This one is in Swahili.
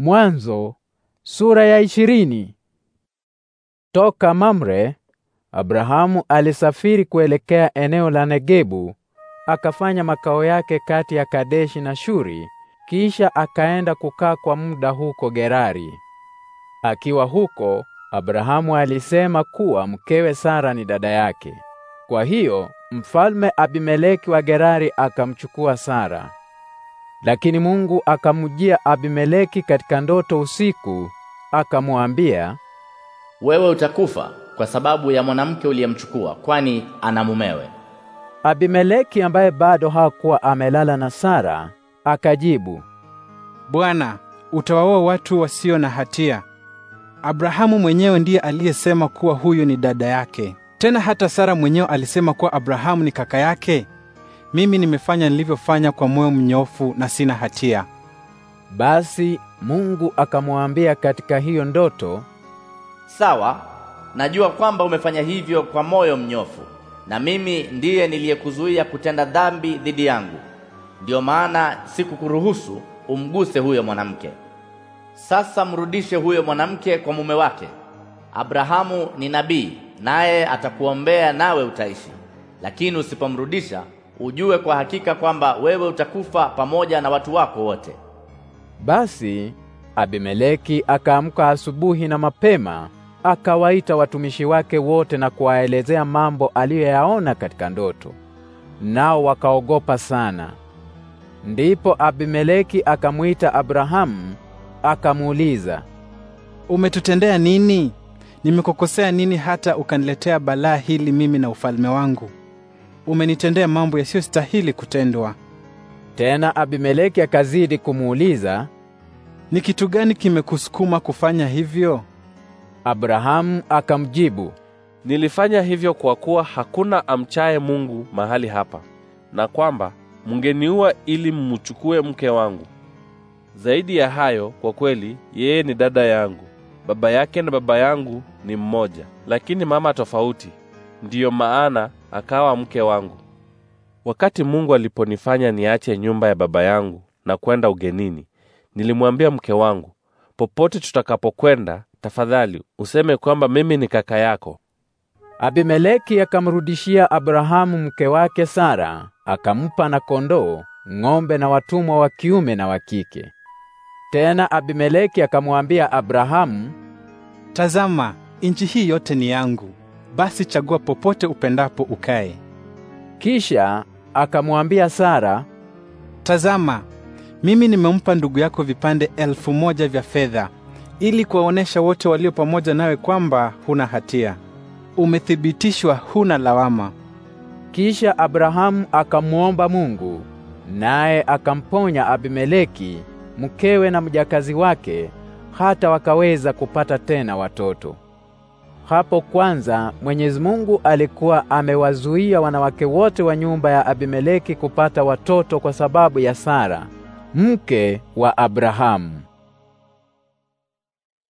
Mwanzo sura ya ishirini. Toka Mamre, Abrahamu alisafiri kuelekea eneo la Negebu, akafanya makao yake kati ya Kadeshi na Shuri, kisha akaenda kukaa kwa muda huko Gerari. Akiwa huko, Abrahamu alisema kuwa mkewe Sara ni dada yake. Kwa hiyo, mfalme Abimeleki wa Gerari akamchukua Sara. Lakini Mungu akamujia Abimeleki katika ndoto usiku, akamwambia, wewe utakufa kwa sababu ya mwanamke uliyemchukua, kwani ana mumewe. Abimeleki ambaye bado hakuwa amelala na Sara akajibu, Bwana, utawaoa watu wasio na hatia. Abrahamu mwenyewe ndiye aliyesema kuwa huyu ni dada yake. Tena hata Sara mwenyewe alisema kuwa Abrahamu ni kaka yake mimi nimefanya nilivyofanya kwa moyo mnyofu na sina hatia. Basi Mungu akamwambia katika hiyo ndoto, sawa, najua kwamba umefanya hivyo kwa moyo mnyofu, na mimi ndiye niliyekuzuia kutenda dhambi dhidi yangu, ndiyo maana sikukuruhusu umguse huyo mwanamke. Sasa mrudishe huyo mwanamke kwa mume wake. Abrahamu ni nabii, naye atakuombea nawe utaishi, lakini usipomrudisha ujue kwa hakika kwamba wewe utakufa pamoja na watu wako wote. Basi Abimeleki akaamka asubuhi na mapema, akawaita watumishi wake wote na kuwaelezea mambo aliyoyaona katika ndoto, nao wakaogopa sana. Ndipo Abimeleki akamwita Abrahamu akamuuliza, umetutendea nini? Nimekukosea nini hata ukaniletea balaa hili mimi na ufalme wangu? umenitendea mambo yasiyostahili kutendwa. Tena Abimeleki akazidi kumuuliza, ni kitu gani kimekusukuma kufanya hivyo? Abrahamu akamjibu, nilifanya hivyo kwa kuwa hakuna amchaye Mungu mahali hapa, na kwamba mngeniua ili mmuchukue mke wangu. Zaidi ya hayo, kwa kweli yeye ni dada yangu, baba yake na baba yangu ni mmoja, lakini mama tofauti. Ndiyo maana akawa mke wangu. Wakati Mungu aliponifanya niache nyumba ya baba yangu na kwenda ugenini, nilimwambia mke wangu, popote tutakapokwenda, tafadhali useme kwamba mimi ni kaka yako. Abimeleki akamrudishia Abrahamu mke wake Sara, akampa na kondoo, ng'ombe na watumwa wa kiume na wa kike. Tena Abimeleki akamwambia Abrahamu, tazama, nchi hii yote ni yangu basi chagua popote upendapo ukae. Kisha akamwambia Sara, tazama, mimi nimempa ndugu yako vipande elfu moja vya fedha ili kuwaonesha wote walio pamoja nawe kwamba huna hatia, umethibitishwa huna lawama. Kisha Abrahamu akamwomba Mungu, naye akamponya Abimeleki mkewe na mjakazi wake, hata wakaweza kupata tena watoto. Hapo kwanza Mwenyezi Mungu alikuwa amewazuia wanawake wote wa nyumba ya Abimeleki kupata watoto kwa sababu ya Sara, mke wa Abrahamu.